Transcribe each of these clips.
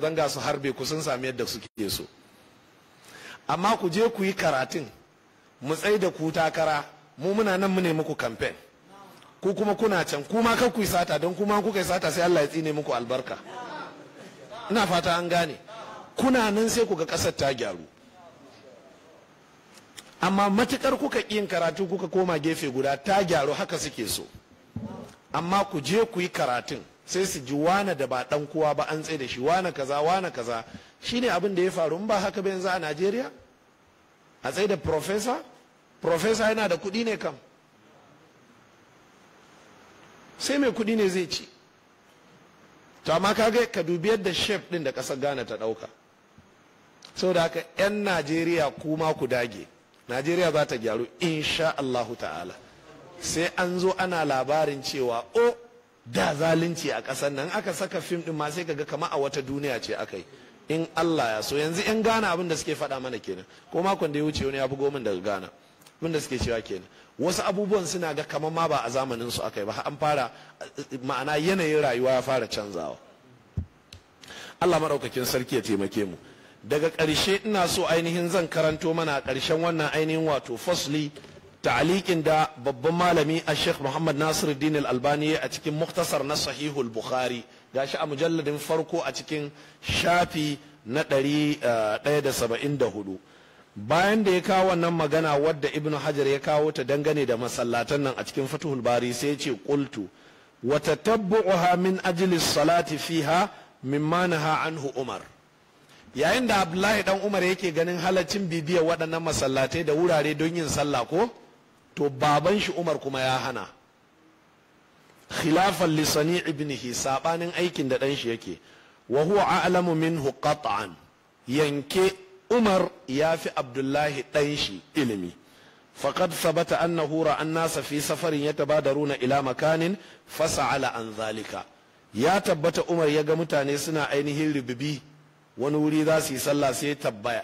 da zanga su harbe ku sun sami yadda suke so amma ku je ku yi karatun mu tsaida da ku takara mu muna nan mu ne muku kamfen ku kuma kuna can kuma kan ku yi sata don kuma kuka yi sata sai Allah ya tsine muku albarka ina fata an gane kuna nan sai ku ga kasar ta gyaru amma matukar kuka yin karatu kuka koma gefe guda ta gyaru haka suke so amma ku je ku yi karatun sai su ji wane da ba dan kowa ba an tsaye da shi wane kaza wane kaza shine abin da ya faru ba haka ba yanzu a Najeriya a tsaye da professor professor yana da kuɗi ne kam sai mai kuɗi ne zai ci to amma kaga ka dubi yadda shef din da kasar Ghana ta ɗauka saboda haka 'yan Najeriya kuma ku dage Najeriya za ta gyaru insha Allahu ta'ala sai an zo ana labarin cewa o oh, da zalunci a ƙasar nan aka saka fim ɗin ma sai kaga kama a wata duniya ce aka yi in Allah ya so yanzu yan Ghana abin da suke faɗa mana kenan ko makon da ya wuce wani ya bugo min daga gana abin da suke cewa kenan wasu abubuwan suna ga kamar ma ba a zamanin su aka yi ba an fara ma'ana yanayin rayuwa ya fara canzawa Allah maɗaukakin sarki ya taimake mu daga ƙarshe ina so ainihin zan karanto mana a ƙarshen wannan ainihin wato fasli ta'alikin da babban malami a sheikh muhammad nasiruddin al-albani a cikin muktasar na sahihul bukhari gashi a mujalladin farko a cikin shafi na 174 eh, bayan da ya kawo wannan magana wadda ibnu hajar ya kawo ta dangane da masallatan nan a cikin fatuhul bari sai ya ce qultu wa tatabbu'uha min ajli salati fiha mimma naha anhu umar yayin da abdullahi dan umar yake ganin halaccin bibiya waɗannan masallatai da wurare don yin sallah ko to baban shi umar kuma ya hana khilafan lisani ibnihi sabanin aikin da ɗanshi yake wa huwa a'lamu minhu qat'an yanke umar ya fi abdullahi ɗanshi ilimi faqad sabata annahu ra an-nasa fi safarin yatabadaruna ila makanin fasaha an zalika ya tabbata umar ya ga mutane suna ainihin ribibi wani wuri za su yi sallah sai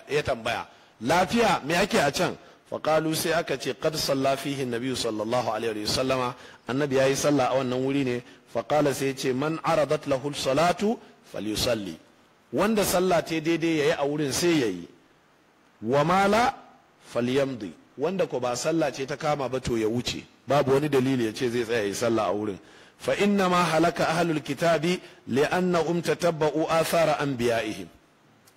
ya tambaya lafiya me ake a can faƙalu sai aka ce kad salla fihi nabi sallallahu alaihi wa annabi yayi sallah a wannan wuri ne faƙala sai ce man aradat lahu salatu falyusalli wanda sallah ta daidai yayi a wurin sai yayi wamala mala falyamdi wanda ko ba sallah ce ta kama ba to ya wuce babu wani dalili ya ce zai tsaya yi sallah a wurin fa inna ma halaka ahlul kitabi li annahum tatabba'u athara anbiya'ihim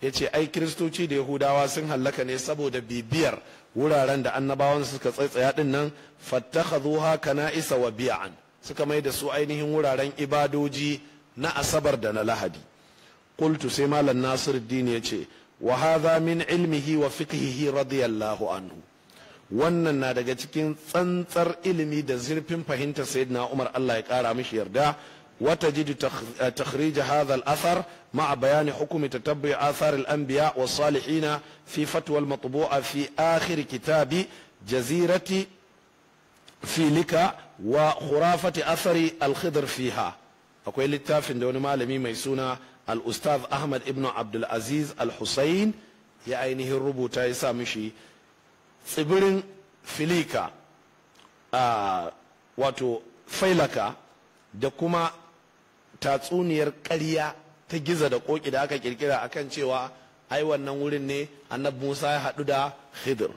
ya ce ai kiristoci da yahudawa sun hallaka ne saboda bibiyar wuraren da annabawan suka tsaitsaya din nan fattakhadhuha isa wa bi'an suka mai da su ainihin wuraren ibadoji na asabar da na lahadi qultu sai malam nasiruddin ya ce wa hadha min ilmihi wa fiqhihi radiyallahu anhu wannan na daga cikin tsantsar ilimi da zurfin fahimtar sayyidina umar Allah ya kara mishi yarda وتجد تخريج هذا الأثر مع بيان حكم تتبع آثار الأنبياء والصالحين في فتوى المطبوعة في آخر كتاب جزيرة فيلكا وخرافة أثر الخضر فيها أقول للتافن دون مالمي ميسونا الأستاذ أحمد ابن عبد العزيز الحسين ya ainihin rubuta ya sa mishi tsibirin filika a wato failaka da kuma tatsuniyar ƙarya ta giza da ƙoƙi da aka kirkira akan cewa ai wannan wurin ne annabi Musa ya haɗu da Khidir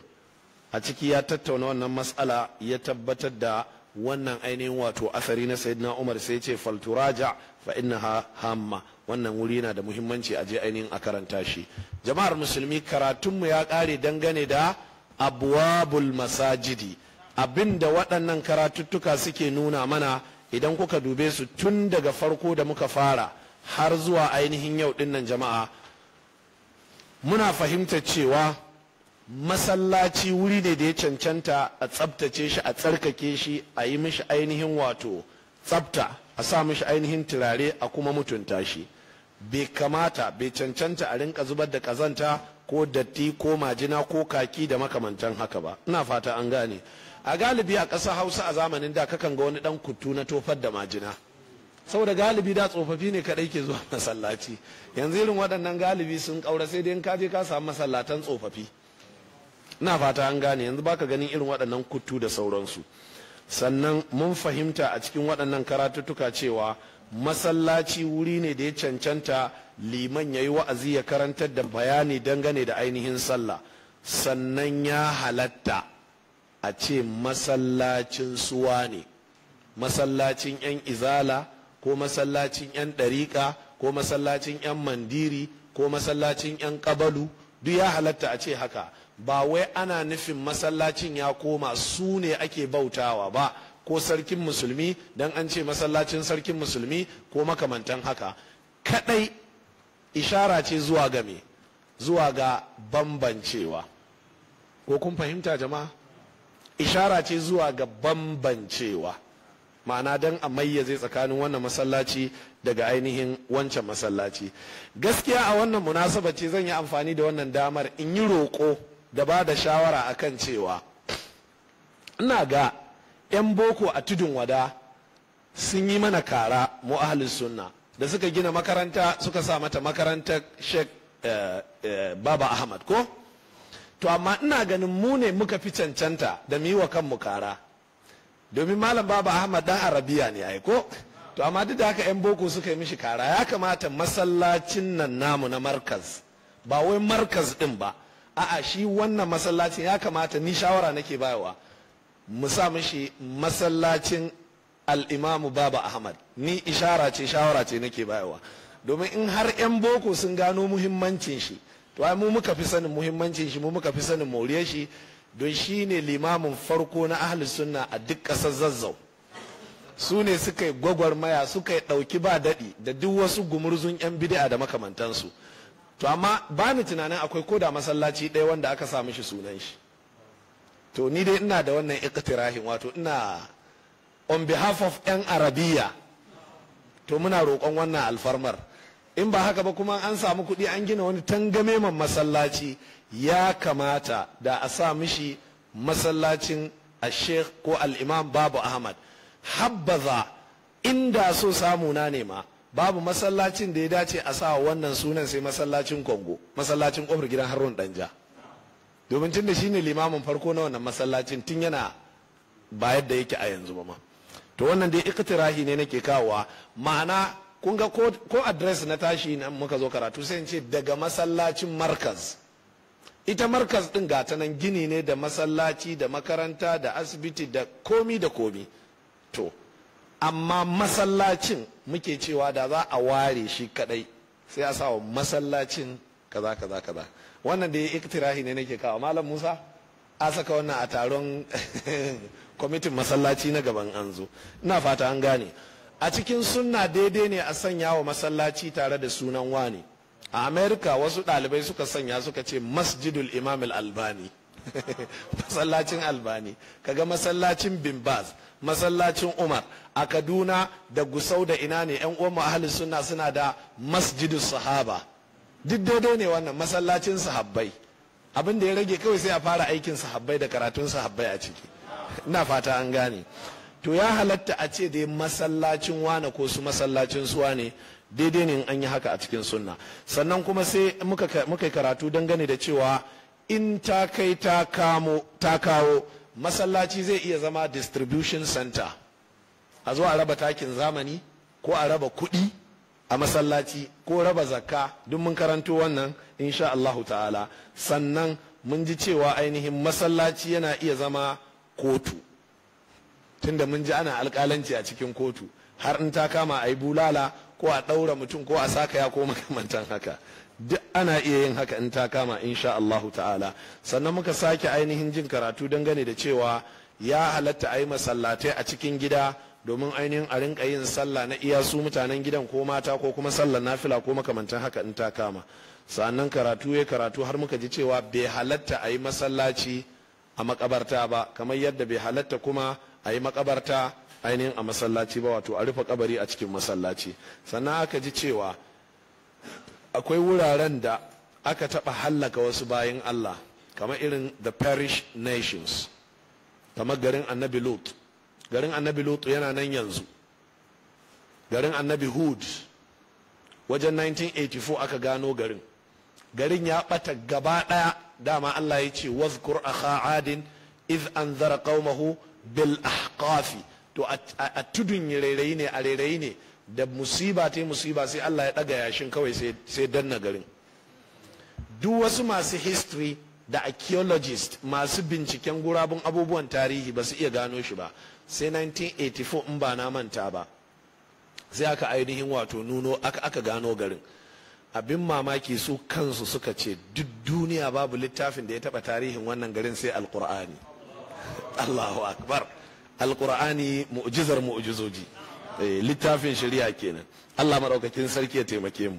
a ciki ya tattauna wannan matsala ya tabbatar da wannan ainihin wato asari na sayyidina Umar sai ce falturaja fa innaha hamma wannan wuri yana da muhimmanci a je ainihin a karanta shi jama'ar musulmi karatunmu ya ƙare dangane da abwabul masajidi abinda waɗannan karatuttuka suke nuna mana idan kuka dube su tun daga farko da muka fara har zuwa ainihin yau dinnan jama'a muna fahimtar cewa masallaci wuri ne da ya cancanta a tsabtace shi a tsarkake shi a yi mishi ainihin wato tsabta a sa mishi ainihin turare a kuma mutunta shi bai kamata bai cancanta a rinka zubar da kazanta ko datti ko majina ko kaki da makamantan haka ba ina fata an gane a galibi a ƙasar hausa a zamanin da kakan ga wani ɗan kuttu na tofar da majina saboda galibi da tsofaffi ne kaɗai ke zuwa masallaci yanzu irin waɗannan galibi sun ƙaura sai dai in kaje ka samu masallatan tsofaffi na fata an gane yanzu baka ganin irin waɗannan kuttu da sauransu sannan mun fahimta a cikin waɗannan karatuttuka cewa masallaci wuri ne da ya cancanta liman ya yi wa'azi ya karantar da bayani dangane da ainihin sallah sannan ya halatta a ce masallacin suwa ne masallacin 'yan izala ko masallacin 'yan ɗariƙa ko masallacin 'yan mandiri ko masallacin 'yan ƙabalu duk ya halatta a ce haka ba wai ana nufin masallacin ya koma su ne ake bautawa ba ko sarkin musulmi don an ce masallacin sarkin musulmi ko makamantan haka kadai ishara ce zuwa game zuwa ga bambancewa ko kun fahimta jama'a ishara ce zuwa ga bambancewa ma'ana don a mayyaze tsakanin wannan masallaci daga ainihin wancan masallaci gaskiya a wannan munasaba ce zan yi amfani da wannan damar in yi roƙo da ba da shawara a kan cewa ina ga 'yan boko a tudun wada sun yi mana kara mu sunna da suka gina makaranta suka sa mata makarantar shek eh, eh, baba ahmad ko to amma ina ganin mu ne muka fi cancanta da mu yi wa kanmu kara domin malam baba ahmad dan arabiya ne ai ko to amma duk da haka yan boko suka yi mishi kara ya kamata masallacin nan namu na markaz ba wai markaz din ba a'a shi wannan masallacin ya kamata ni shawara nake bayarwa mu sa mishi masallacin al'imamu baba ahmad ni ishara ce shawara ce nake bayarwa domin in har 'yan boko sun gano muhimmancin shi to ai mu muka fi sanin muhimmancin shi mu muka fi sanin moriyar shi don shi ne limamin farko na ahli sunna a duk ƙasar zazzau su ne suka yi gwagwarmaya suka yi ɗauki ba daɗi da duk wasu gumurzun 'yan bid'a da makamantansu to amma ba ni tunanin akwai ko da masallaci ɗaya wanda aka samu shi sunan shi to ni dai ina da wannan iktirahin wato ina on behalf of 'yan arabiya to muna roƙon wannan alfarmar in ba haka ba kuma an samu kuɗi an gina wani tangameman masallaci ya kamata da a sa mishi masallacin a sheikh ko al'imam babu ahmad habbaza inda so samu na nema babu masallacin da ya dace a sa wannan sunan sai masallacin kongo masallacin kofar gidan harun danja domin tun da shi ne limamin farko na wannan masallacin tun yana ba da yake a yanzu ba ma to wannan dai iktirahi ne nake kawowa ma'ana kun ga ko adres na tashi nan muka zo karatu sai ce daga masallacin markaz ita markaz din gata nan gini ne da masallaci da makaranta da asibiti da komi da komi to amma masallacin muke cewa da za a ware shi kadai sai a sawa masallacin kaza kaza kaza wannan da ya iktirahi ne nake kawo malam musa a saka wannan a taron kwamitin masallaci na gaban an zo ina fata an gane a cikin sunna daidai ne a sanya wa masallaci tare da sunan wani a america wasu dalibai suka sanya suka ce masjidul imam albani masallacin albani kaga masallacin bin baz masallacin umar a kaduna da gusau da ina ne yan uwan ahli sunna suna da masjidul sahaba duk daidai ne wannan masallacin sahabbai abin da ya rage kawai sai a fara aikin sahabbai da karatun sahabbai a ciki ina fata an gane to ya halatta a ce dai masallacin wane ko su masallacin suwa ne daidai ne an yi haka a cikin sunna sannan kuma sai muka yi karatu dangane da cewa in ta kai ta kawo masallaci zai iya zama distribution center a zo a raba takin zamani ko a raba kuɗi a masallaci ko raba zakka duk mun karanto wannan insha Allahu ta'ala sannan mun ji cewa ainihin masallaci yana iya zama kotu tunda mun ji ana alkalanci a cikin kotu har in ta kama a yi bulala ko a ɗaura mutum ko a sakaya ko makamantan haka duk ana iya yin haka in ta kama insha Allah ta'ala sannan muka sake ainihin jin karatu dangane da cewa ya halatta a yi masallatai a cikin gida domin ainihin a rinka yin sallah na iya su mutanen gidan ko mata ko kuma sallar nafila ko makamantan haka in ta kama sannan karatu ya karatu har muka ji cewa bai halatta a yi masallaci a makabarta ba kamar yadda bai halatta kuma a yi makabarta ainihin a masallaci ba wato a rufe kabari a cikin masallaci sannan aka ji cewa akwai wuraren da aka taɓa hallaka wasu bayan Allah kamar irin the parish nations kamar garin annabi lut garin annabi lut yana nan yanzu garin annabi hud wajen 1984 aka gano garin garin ya bata gaba daya dama Allah ya ce wazkur akha adin iz anzara qaumahu bil ahqafi to a tudun rairayi ne a rairayi ne da musiba ta musiba sai Allah ya ɗaga yashin kawai sai danna garin duk wasu masu history da archaeologist masu binciken gurabun abubuwan tarihi ba su iya gano shi ba sai 1984 in ba na manta ba sai aka ainihin wato nuno aka, aka gano garin abin mamaki su kansu suka ce duk duniya babu littafin da ya taba tarihin wannan garin sai alkur'ani Allahu akbar alqur'ani mu'jizar mu'jizoji eh, littafin shari'a kenan Allah madaukakin sarki ya taimake mu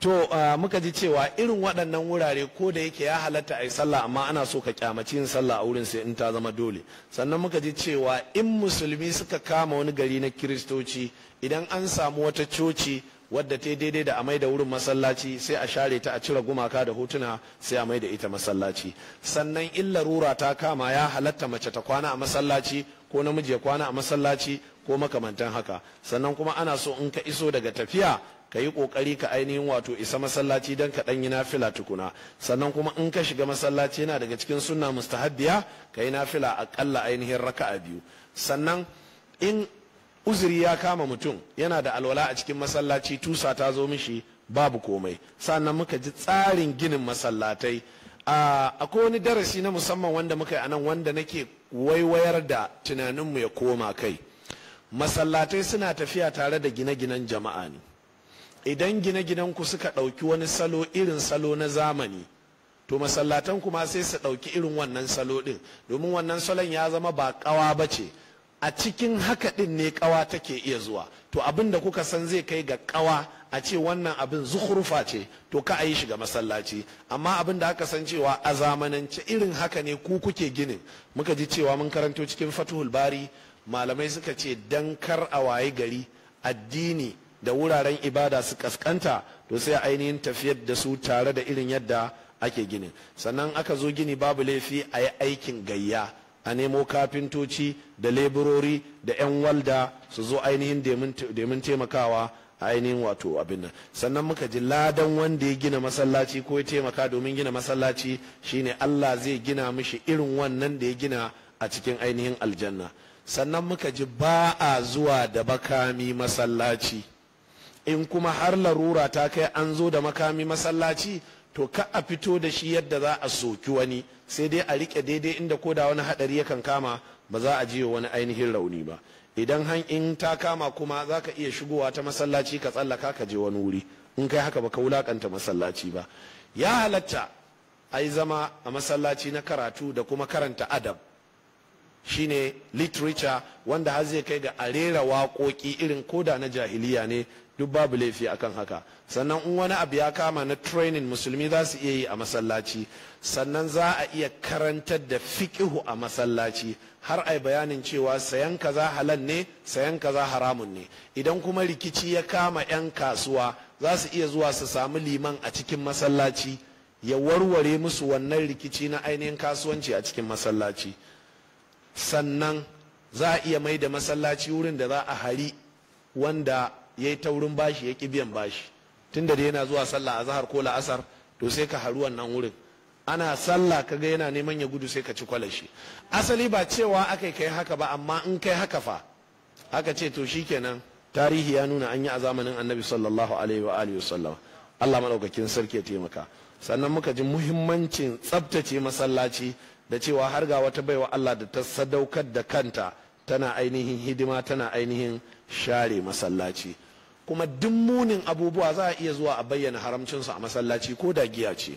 to ah, muka ji cewa irin waɗannan wurare ko da yake ya halatta a yi sallah amma ana so ka kyamaci yin sallah a wurin sai in ta zama dole sannan muka ji cewa in musulmi suka kama wani gari na kiristoci idan an samu wata coci wadda ta daidai da a mai da wurin masallaci sai a share ta a cire gumaka da hotuna sai a mai da ita masallaci sannan illa rura ta kama ya halatta mace ta kwana a masallaci ko namiji ya kwana a masallaci ko makamantan haka sannan kuma ana so in ka iso daga tafiya ka yi kokari ka ainihin wato isa masallaci don ka ɗanyi nafila tukuna sannan kuma in ka shiga masallaci yana daga cikin sunna mustahabbiya ka yi nafila aƙalla ainihin raka'a biyu sannan in uzuri ya kama mutum yana da alwala a cikin masallaci tusa ta zo mishi babu komai sannan muka ji tsarin ginin masallatai akwai wani darasi na musamman wanda muka yi anan wanda nake waiwayar da tunaninmu ya koma kai masallatai suna tafiya tare da gine-ginen jama'a ne idan gine-ginen ku suka ɗauki wani salo irin salo na zamani to masallatan kuma sai su ɗauki irin wannan salo ɗin domin wannan salon ya zama ba ƙawa ba ce a cikin haka din ne kawa take iya zuwa to abin da kuka san zai kai ga kawa a ce wannan abin zuhurfa ce to ka a yi shiga masallaci amma abin da aka san cewa a zamanance irin haka ne ku kuke ginin muka ji cewa mun karanto cikin fatuhul bari malamai suka ce dan kar a waye gari addini da wuraren ibada su kaskanta to sai ainihin tafiyar da su tare da irin yadda ake ginin sannan aka zo gini babu laifi a yi aikin gayya a nemo kafintoci da leburori da 'yan walda su zo ainihin demin taimakawa a ainihin wato abin nan sannan muka ji ladan wanda ya gina masallaci ko ya taimaka domin gina masallaci shine Allah zai gina mishi irin wannan da ya gina a cikin ainihin aljanna sannan muka ji ba a zuwa da makami masallaci in kuma har larura ta kai an zo da makami masallaci to ka a fito da shi yadda za a soki wani sai dai a rike daidai inda ko da wani hadari yakan kama ba za a jiyo wani ainihin rauni ba idan han in ta kama kuma za ka iya shigowa ta masallaci ka tsallaka ka je wani wuri in kai haka ba ka wulakanta masallaci ba ya halatta a yi zama a masallaci na karatu da kuma karanta adab shine literature wanda har zai kai ga arera rera waƙoƙi irin koda na jahiliya ne duk babu laifi akan haka sannan in wani abu ya kama na training musulmi za su iya yi a masallaci sannan za a iya karantar da fiqihu a masallaci har ai bayanin cewa sayan kaza halal ne sayan kaza haramun ne idan kuma rikici ya kama 'yan kasuwa za su iya zuwa su samu liman a cikin masallaci ya warware musu wannan rikici na ainihin kasuwanci a cikin masallaci sannan za a iya mai da masallaci wurin da za a hari wanda ya yi taurin bashi ya ƙi biyan bashi tun da yana zuwa sallah a zahar ko la'asar to sai ka haru wannan wurin ana sallah ga yana neman ya gudu sai ka ci kwalashi asali ba cewa aka kai haka ba amma in kai haka fa aka ce to shikenan tarihi ya nuna an yi a zamanin annabi sallallahu alaihi wa alihi wasallam Allah madaukakin sarki ya taimaka sannan muka ji muhimmancin tsabtace masallaci da cewa har ga wata baiwa Allah da ta sadaukar da kanta tana ainihin hidima tana ainihin share masallaci kuma duk munin abubuwa za a iya zuwa a bayyana haramcinsu a masallaci ko da giya ce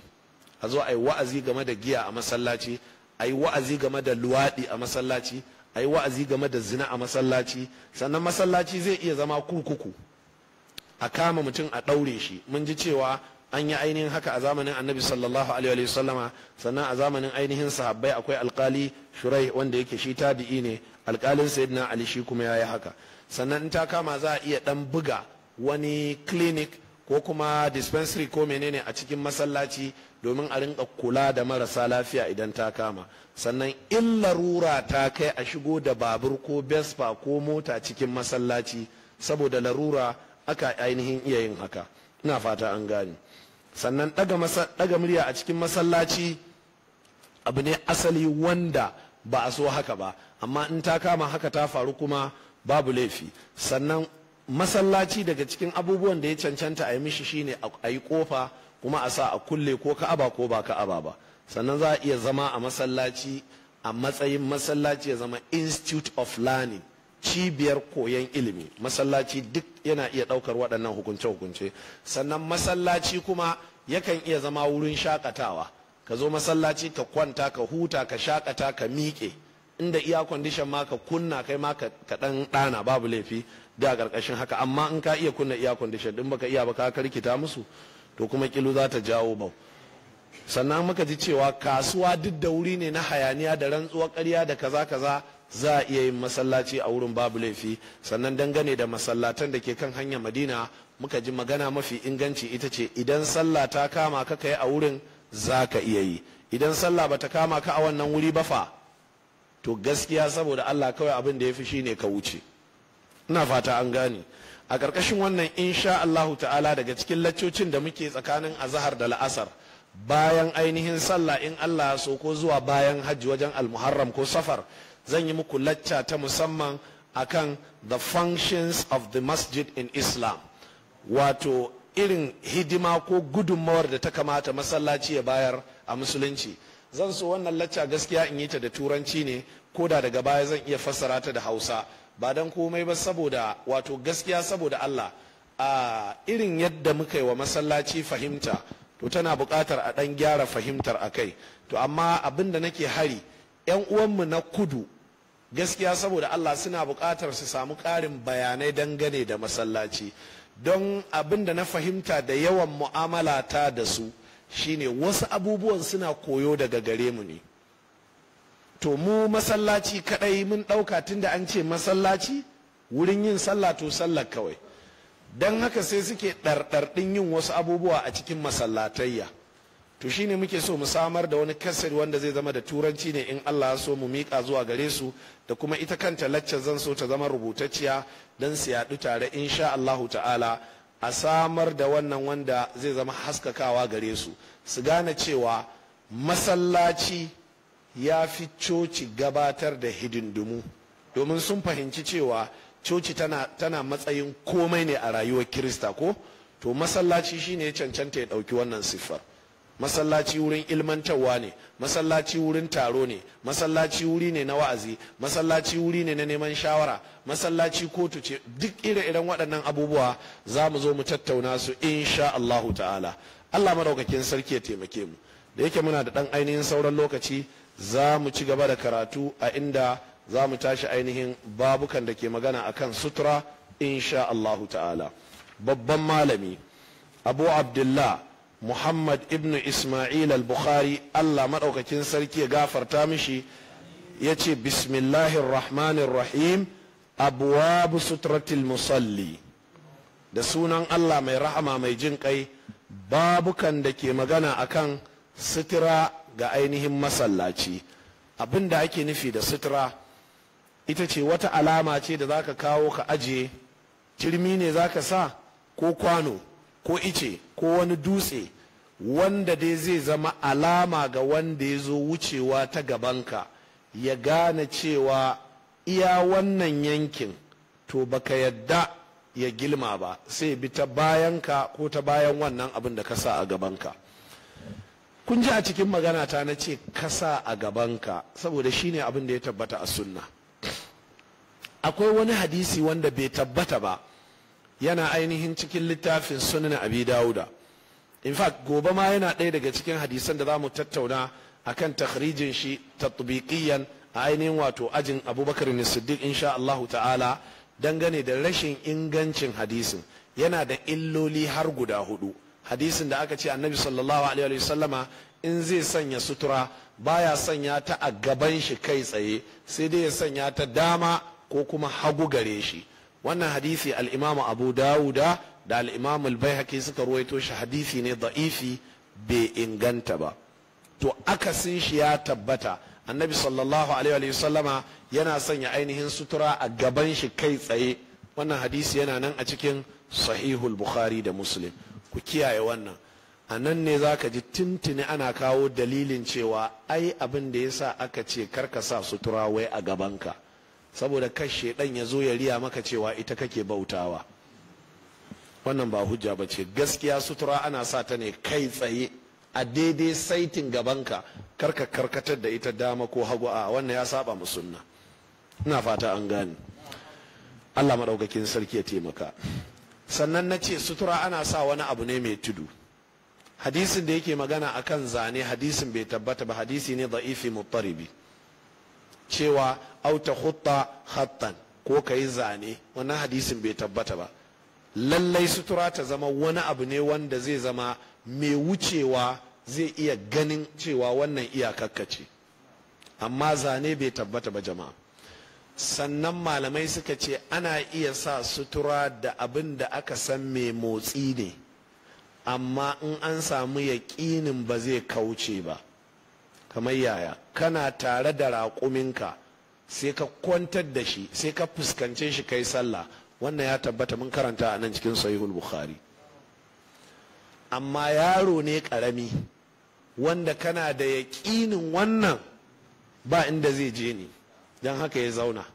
a zo a yi wa'azi game da giya a masallaci a yi wa'azi game da luwaɗi a masallaci a yi wa'azi game da zina a masallaci sannan masallaci zai iya zama kurkuku a kama mutum a ɗaure shi mun ji cewa an yi ainihin haka a zamanin annabi sallallahu alaihi sallama sannan a zamanin ainihin sahabbai akwai alkali shurai wanda yake shi tabi'i ne alkalin sayyidina ali shi kuma yayi haka sannan in ta kama za a iya dan buga wani clinic ko kuma dispensary ko menene a cikin masallaci domin a rinka kula da marasa lafiya idan ta kama sannan in larura ta kai a shigo da babur ko vespa ko mota cikin masallaci saboda larura aka ainihin iya yin haka ina fata an gane sannan ɗaga murya a cikin masallaci abu ne asali wanda ba a so haka ba amma in ta kama haka ta faru kuma babu laifi sannan masallaci daga cikin abubuwan da ya cancanta a yi mishi shine a yi kofa kuma a sa a kulle ko ka'aba ko ba ka'aba ba sannan za a iya zama a masallaci a matsayin masallaci ya zama institute of learning cibiyar koyon ilimi masallaci duk yana iya ɗaukar waɗannan hukunce-hukunce sannan masallaci kuma yakan iya zama wurin shakatawa ka zo masallaci ka kwanta ka huta ka shakata ka miƙe inda iya kwandishan ma ka kunna kai ma ka ɗan ɗana babu laifi da ƙarƙashin haka amma in ka iya kunna iya kwandishan din baka iya ba ka karkita musu to kuma kilu za ta jawo ba. sannan muka ji cewa kasuwa duk da wuri ne na hayaniya da rantsuwar ƙarya da kaza kaza za a iya yin masallaci a wurin babu laifi sannan dangane da masallatan da ke kan hanyar madina muka ji magana mafi inganci ita ce idan sallah ta kama ka kai a wurin za ka iya yi idan sallah bata kama ka a wannan wuri ba fa to gaskiya saboda allah kawai abin da ya fi shi ne ka wuce ina fata an gane a ƙarƙashin wannan insha allahu ta'ala daga cikin laccocin da muke tsakanin azahar da la'asar bayan ainihin sallah in Allah so ko zuwa bayan hajji wajen almuharram ko safar zan yi muku lacca ta musamman akan the functions of the masjid in islam wato irin hidima ko gudunmawar da ta kamata masallaci ya bayar a musulunci zan so wannan lacca gaskiya in yi ta da turanci ne ko da daga baya zan iya fassara ta da hausa ba don komai ba saboda wato gaskiya saboda allah a irin yadda muka yi wa masallaci fahimta to tana buƙatar a ɗan gyara fahimtar a kai to amma abin da nake hari 'yan uwanmu na kudu gaskiya saboda Allah suna bukatar su samu ƙarin bayanai dangane da masallaci don abin da na fahimta da yawan mu'amala ta da su shine wasu abubuwan suna koyo daga gare mu ne to mu masallaci kadai mun ɗauka tunda an ce masallaci wurin yin sallah to sallah kawai don haka sai suke ɗarɗarɗin yin wasu abubuwa a cikin masallatayya to shine muke so mu samar da wani kaset wanda zai zama da turanci ne in Allah ya so mu miƙa zuwa gare su da kuma ita kanta laccar zan so ta zama rubutacciya don su yaɗu tare insha Allahu ta'ala a samar da wannan wanda zai zama haskakawa gare su su gane cewa masallaci ya fi coci gabatar da hidindumu domin sun fahimci cewa coci tana, tana matsayin komai ne a rayuwar kirista ko to masallaci shine ya cancanta ya ɗauki wannan siffar masallaci wurin ilmantarwa ne masallaci wurin taro ne masallaci wuri ne na wa'azi masallaci wuri ne na neman shawara masallaci kotu ce duk ire-iren waɗannan abubuwa za mu zo mu tattauna su insha Allahu ta'ala Allah maraukakin sarki ya taimake mu da yake muna da ɗan ainihin sauran lokaci za mu ci gaba da karatu a inda za mu tashi ainihin babukan da ke magana akan sutura insha Allahu ta'ala babban malami abu abdullah muhammad Ibn isma'il al-bukhari allah maɗaukakin sarki ya gafarta mishi Yace, ce bismillahir rahmanir rahim abuwabu sutratil musalli da sunan allah mai rahama mai jin kai babukan da ke magana akan sutura ga ainihin masallaci abin da ake nufi da sutura ita ce wata alama ce da zaka kawo ka ajiye cirmi ne zaka sa ko kwano ko ice ko wani dutse wanda dai zai zama alama ga wanda ya zo wucewa ta gabanka ya gane cewa iya wannan yankin to baka yadda ya gilma ba sai bi ta bayanka ko ta bayan wannan abin da ka sa a gabanka kun ji a cikin magana ta na ce kasa a gabanka saboda shine abin da ya tabbata a sunna akwai wani hadisi wanda bai tabbata ba yana ainihin cikin littafin sunan abi dauda in fact gobe ma yana ɗaya daga cikin hadisan da za mu tattauna kan takhrijin shi tatbiqiyan a ainihin wato ajin abubakar siddiq insha Allah ta'ala dangane da rashin ingancin hadisin yana da illoli har guda hudu hadisin da aka ce annabi sallallahu alaihi wasallama in zai sanya sutura baya sanya ta a gaban shi kai tsaye sai dai ya sanya ta dama ko kuma hagu gare shi wannan hadisi al'imamu abu dawuda da al'imamu albayhaki suka ruwaito shi hadisi ne da'ifi bai inganta ba to akasin shi ya tabbata annabi sallallahu alaihi wa sallama yana sanya ainihin sutura a gaban shi kai tsaye wannan hadisi yana nan a cikin sahihul bukhari da muslim ku kiyaye wannan a nan ne za ka ji tintini ana kawo dalilin cewa ai abin da ya sa aka ce karka sa sutura wai a gabanka saboda kashe dan ya zo ya riya maka cewa ita kake bautawa wannan ba hujja ba ce gaskiya sutura ana sa ta ne kai tsaye a daidai saitin gabanka karka karkatar da ita dama ko hagu a wannan ya saba mu sunna ina fata an gane Allah maɗaukakin sarki ya taimaka sannan na ce sutura ana sa wani abu ne mai tudu hadisin da yake magana akan zane hadisin bai tabbata ba hadisi ne da'ifi muttaribi cewa au ta hutta hattan ko ka yi zane wannan hadisin bai tabbata ba lallai sutura ta zama wani abu ne wanda zai zama mai wucewa zai iya ganin cewa wannan iyakakka ce amma zane bai tabbata ba jama'a sannan malamai suka ce ana iya sa sutura da abin da aka san mai motsi ne amma in an samu yaƙinin ba zai kauce ba kamar yaya kana tare da raƙuminka sai ka kwantar da shi sai ka fuskance shi kai sallah wannan ya tabbata mun karanta a nan cikin sahihul bukhari amma yaro ne karami wanda kana da yaƙinin wannan ba inda zai je ni don haka ya zauna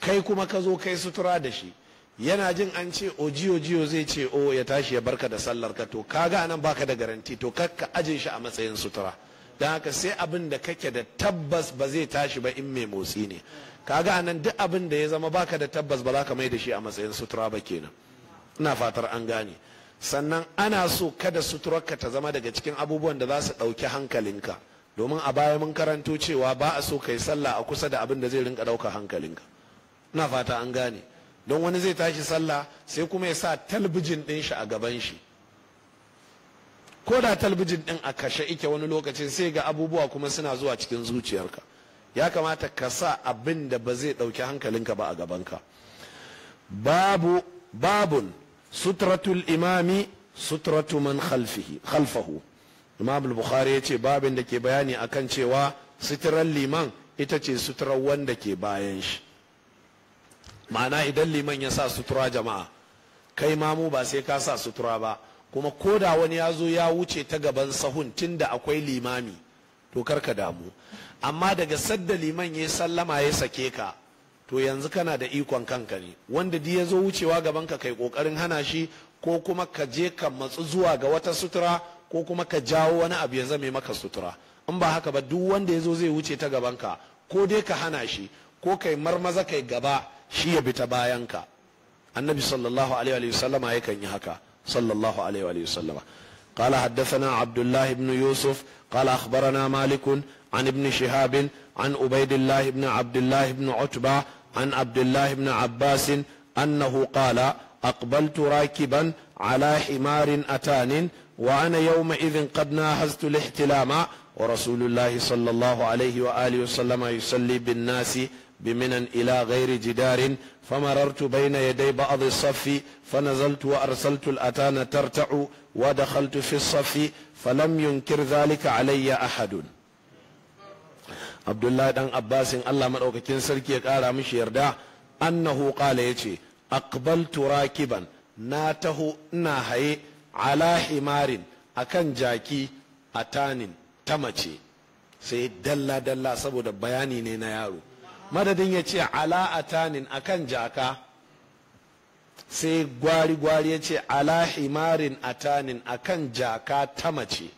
kai kuma ka zo kai sutura da shi yana jin an ce ojiyo jiyo zai ce o oh, ya tashi ya barka da sallar ka to kaga anan baka da garanti to kakka aje shi a matsayin sutura don haka sai abin da kake da tabbas ba zai tashi ba in mai motsi ne kaga anan duk abin da ya zama baka da tabbas ba za ka mai da shi a matsayin sutura ba kenan ina fatar an gane sannan ana so kada suturarka ta zama daga cikin abubuwan da za su ɗauki hankalinka domin a baya mun karanto cewa ba a so kai sallah a kusa da abin da zai rinka ɗauka hankalinka ina fata an gane don wani zai tashi sallah sai kuma ya sa talbijin ɗin shi a gaban shi ko da talbijin din a kashe ike wani lokacin sai ga abubuwa kuma suna zuwa cikin zuciyarka ya kamata ka sa abin da ba zai ɗauki hankalinka ba a gabanka babu babun sutratul imami sutratu man khalfahu imam al-bukhari ya ce babin da ke bayani akan cewa suturar liman ita ce suturar wanda ke bayan shi ma'ana idan liman ya sa sutura jama'a kai mamu ba sai ka sa sutura ba kuma ko da wani ya zo ya wuce ta gaban sahun tunda akwai limami to ka damu amma daga sadda liman ya sallama ya sake ka to yanzu kana da ikon kanka ne wanda di ya zo wucewa gaban ka kai kokarin hana shi ko kuma ka je ka matsu zuwa ga wata sutura ko kuma ka jawo wani abu ya zame maka sutura in ba haka ba duk wanda ya zo zai wuce ta gaban ka ko dai ka hana shi ko kai marmaza kai gaba shi ya bi ta bayan ka annabi sallallahu alaihi wa sallama yakan yi haka صلى الله عليه وآله وسلم قال حدثنا عبد الله بن يوسف قال أخبرنا مالك عن ابن شهاب عن أبيد الله بن عبد الله بن عتبة عن عبد الله بن عباس أنه قال أقبلت راكبا على حمار أتان وأنا يومئذ قد ناهزت الاحتلام ورسول الله صلى الله عليه وآله وسلم يصلي بالناس بمنن إلى غير جدار فمررت بين يدي بعض الصف فنزلت وأرسلت الأتان ترتع ودخلت في الصف فلم ينكر ذلك علي أحد عبد الله بن عباس الله من أوكتين سركي قال مش يردع أنه قال يتي أقبلت راكبا ناته ناهي على حمار أكن جاكي أتان تمشي sai dalla dalla saboda bayani ne na yaro madadin ya ce ala atanin akan jaka sai gwari gwari ya ce ala himarin atanin akan jaka ta mace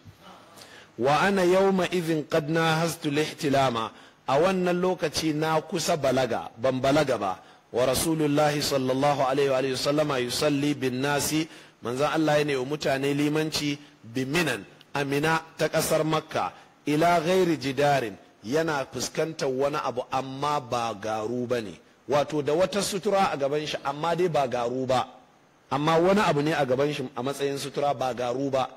wa ana ma izin kadna na hastu lihtilama a wannan lokaci na kusa balaga ban balaga ba wa rasulullahi sallallahu alaihi wa sallama yusalli bin nasi manzan Allah ya ne wa mutane limanci biminan amina ta ƙasar makka ila ghairi jidarin yana fuskantar wani abu amma ba garu ba ne wato da wata sutura a gaban shi amma dai ba garu ba amma wani abu ne a gaban shi a matsayin sutura ba garu ba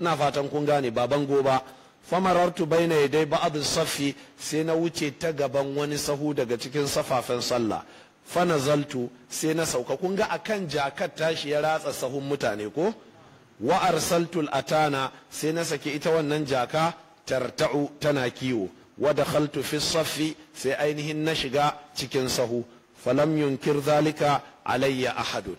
ina fatan kun gane ba bango ba famarartu dai ba abin safi sai na wuce ta gaban wani sahu daga cikin safafen sallah fana zaltu sai na sauka kun ga akan jakar tashi ya ratsa sahun mutane ko wa arsaltul atana sai na saki ita wannan jaka tarta'u tana kiwo wada khaltu fi saffi sai ainihin na shiga cikin sahu falam yunkir zalika alayya ahadun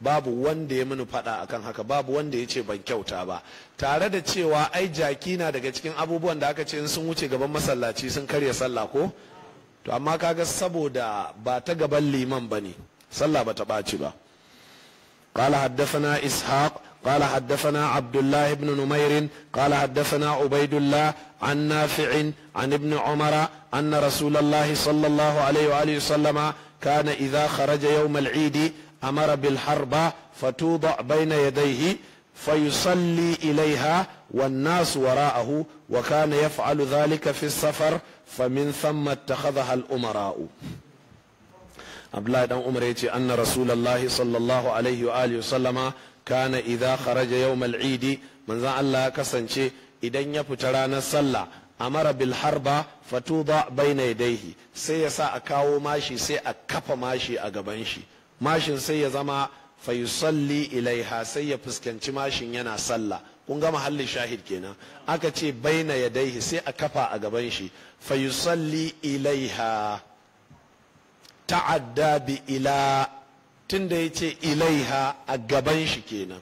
babu wanda ya mini fada akan haka babu wanda ya ce ban kyauta ba tare da cewa ai jaki na daga cikin abubuwan da aka ce in sun wuce gaban masallaci sun karya sallah ko to amma kaga saboda ba ta gaban liman bane sallah ba ta ɓaci ba qala haddathana ishaq قال حدثنا عبد الله بن نمير قال حدثنا عبيد الله عن نافع عن ابن عمر أن رسول الله صلى الله عليه وآله وسلم كان إذا خرج يوم العيد أمر بالحربة فتوضع بين يديه فيصلي إليها والناس وراءه وكان يفعل ذلك في السفر فمن ثم اتخذها الأمراء Abdullahi dan Umar ya ce anna Rasulullahi sallallahu alaihi wa alihi sallama kana idza kharaja yau malidi manzon Allah ya kasance idan ya fita ranar sallah amara bil harba fatuda baina yadayhi sai ya sa a kawo mashi sai a kafa mashi a gaban shi mashin sai ya zama fayusalli ilaiha sai ya fuskanci mashin yana sallah kun ga mahallin shahid kenan aka ce baina yadayhi sai a kafa a gaban shi fayusalli ilaiha ta'adda bi ila tun da ya ce ilaiha a gaban shi kenan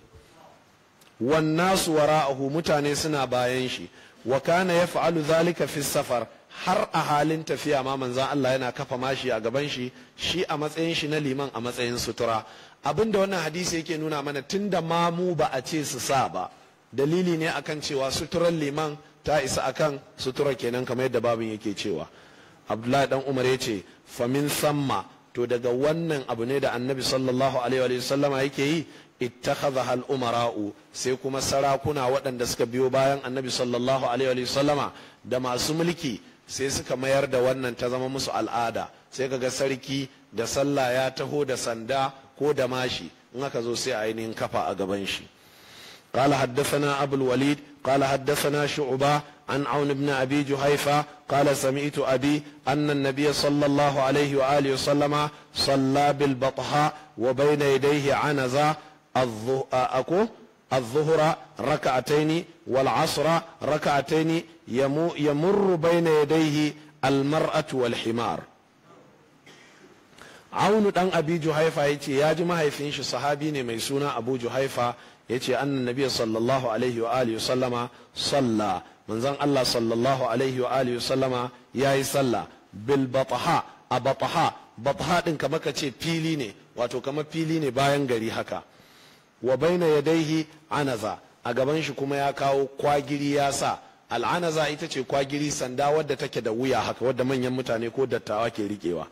wannasu wara'ahu mutane suna bayan shi wa kana ya fa'alu zalika fi safar har a halin tafiya ma manzan Allah yana kafa mashi a gaban shi shi a matsayin shi na liman a matsayin sutura abinda wannan hadisi yake nuna mana tun da ma mu ba a ce su sa ba dalili ne akan cewa suturar liman ta isa akan sutura kenan kamar yadda babin yake cewa abdullahi dan umar ya ce famin samma to daga wannan abu ne da annabi sallallahu alaihi wa sallama yake yi ittakhadha al umara'u sai kuma sarakuna waɗanda suka biyo bayan annabi sallallahu alaihi wa sallama da masu mulki sai suka mayar da wannan ta zama musu al'ada sai kaga sarki da sallah ya taho da sanda ko da mashi in aka zo sai ainihin kafa a gaban shi قال حدثنا أبو الوليد قال حدثنا شعبة عن عون بن أبي جهيفة قال سمعت أبي أن النبي صلى الله عليه وآله وسلم صلى بالبطحاء وبين يديه عنزة آه، الظهر ركعتين والعصر ركعتين يمر بين يديه المرأة والحمار عون بن أبي جهيفة يا جماعة في صحابي ميسونا أبو جهيفة ya ce annan biya sallallahu alaihi wa alihi sallama salla manzon Allah sallallahu alaihi wa alihi sallama yayi salla bil bataha a bataha bataha ɗin kama ka ce fili ne wato kama fili ne bayan gari haka wa baina yadaihi anaza a gaban shi kuma ya kawo kwagiri ya sa al'anaza ita ce kwagiri sanda wadda take da wuya haka wadda manyan mutane ko dattawa ke rikewa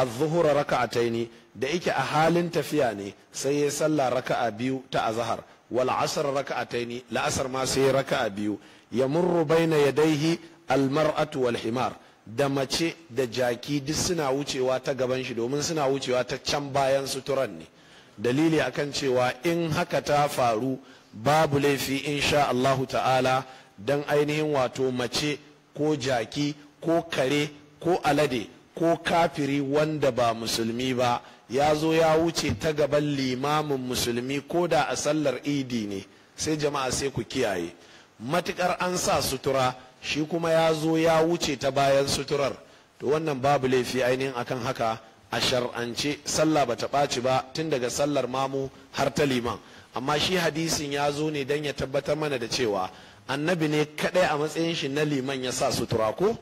a zuhura raka'ataini da ike a halin tafiya ne sai ya sallah raka'a biyu ta azhar wal asr raka'ataini la'asar ma sai raka'a biyu yamurru baina yadayhi al-mar'atu wal himar da mace da jaki duk suna wucewa ta gaban shi domin suna wucewa ta can bayan suturan ne dalili akan cewa in haka ta faru babu laifi sha Allahu ta'ala don ainihin wato mace ko jaki ko kare ko alade ko kafiri wanda ba musulmi ba ya zo ya wuce ta gaban limamin musulmi ko da a sallar idi ne sai jama'a sai ku kiyaye matukar an sa sutura shi kuma ya zo ya wuce ta bayan suturar to wannan babu laifi ainihin akan haka a shar'ance sallah ba ta ɓaci ba tun daga sallar mamu har ta liman amma shi hadisin ya zo ne don ya tabbatar mana da cewa annabi ne kaɗai a matsayin shi na liman ya sa sutura ko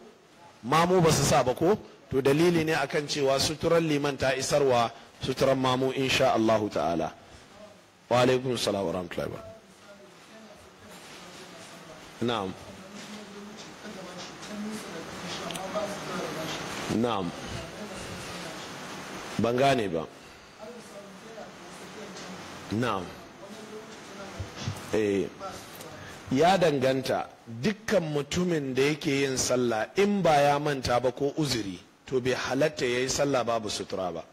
mamu ba su sa ba ko to dalili ne akan cewa suturan liman ta isarwa suturan mamu insha Allahu ta'ala wa alaikum salam wa rahmatullahi wa na'am na'am ban gane ba na'am eh ya danganta dukkan mutumin da yake yin sallah in ba ya manta ba ko uzuri to bai halatta ya yi sallah babu sutura ba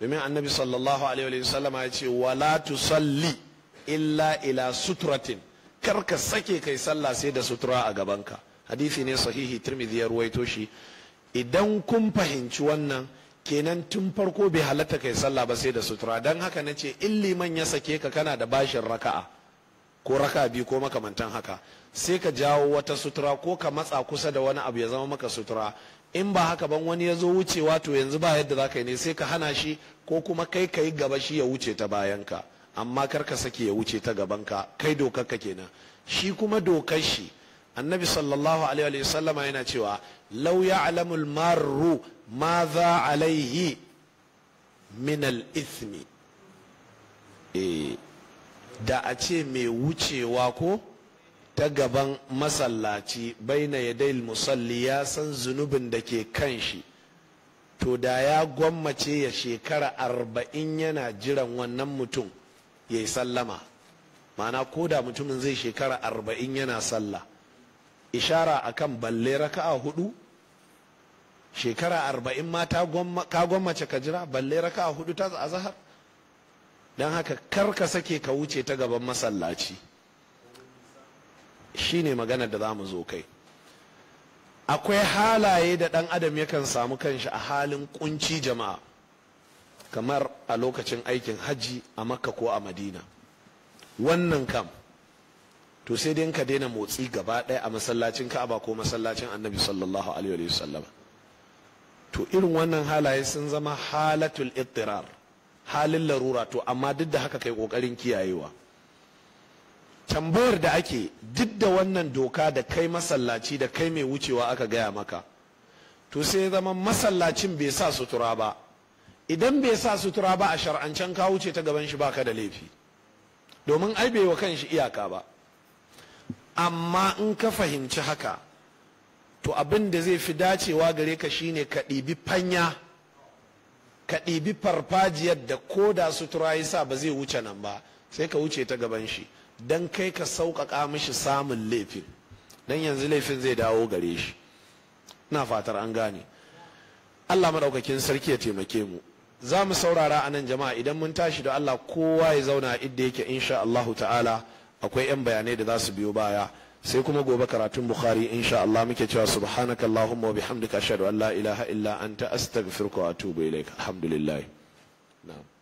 domin annabi sallallahu alaihi wa sallam ya ce wala salli illa ila suturatin kar ka sake kai sallah sai da sutura a gabanka hadisi ne sahihi tirmidhi ya ruwaito shi idan kun fahimci wannan kenan tun farko bai halatta kai sallah ba sai da sutura don haka na ce in liman ya sake ka kana da bashin raka'a ko raka biyu ko makamantan haka sai ka jawo wata sutura ko ka matsa kusa da wani abu ya zama maka sutura in ba haka ban wani ya zo wucewa to yanzu ba yadda za ka yi ne sai ka hana shi ko kuma kai ka yi gaba shi ya wuce ta bayanka amma kar ka sake ya wuce ta gaban ka kai dokar ka kenan shi kuma dokar shi annabi sallallahu alaihi wa sallama yana cewa law ya'lamu al-marru ma za alaihi min al-ithmi eh da a ce mai wucewa ko ta gaban masallaci baina yadayil musalli ya san zunubin da ke kan shi to da ya gwammace ya shekara arba'in yana jiran wannan mutum ya yi sallama ma'ana ko da mutumin zai shekara arba'in yana sallah ishara akan balle raka'a hudu shekara arba'in ma ka gwammace ka jira balle raka'a hudu ta azahar don haka kar ka sake ka wuce ta gaban masallaci Shi ne magana da za mu zo kai akwai halaye da ɗan adam yakan samu kanshi a halin ƙunci jama'a kamar a lokacin aikin hajji a makka ko a madina wannan kam to sai dai ka daina motsi gaba ɗaya a masallacin ka'aba ko masallacin annabi sallallahu alaihi wa sallam to irin wannan halaye sun zama halatul ittirar halin larura to amma duk da haka kai kokarin kiyayewa tambayar da ake duk da wannan doka da kai masallaci da kai mai wucewa aka gaya maka to sai zama masallacin bai sa sutura ba idan bai sa sutura ba a shar'ancen ka wuce ta gaban shi baka da laifi domin ai bai wa kanshi iyaka ba amma in ka fahimci haka to abin da zai fi dacewa gare ka shine ka ɗibi fanya ka ɗibi farfajiyar da ko da sutura ya sa ba zai wuce nan ba sai ka wuce ta gaban shi don kai ka sauƙaƙa mishi samun laifin don yanzu laifin zai dawo gare shi na fatar an gane allah maɗaukakin sarki ya taimake mu za mu saurara a nan jama'a idan mun tashi da allah kowa ya zauna idda yake insha Allah ta'ala akwai 'yan bayanai da za su biyo baya sai kuma gobe karatun bukhari insha allah muke cewa subhanaka allahumma wa bihamdika ashhadu an la ilaha illa anta astaghfiruka wa atubu ilaik alhamdulillah na'am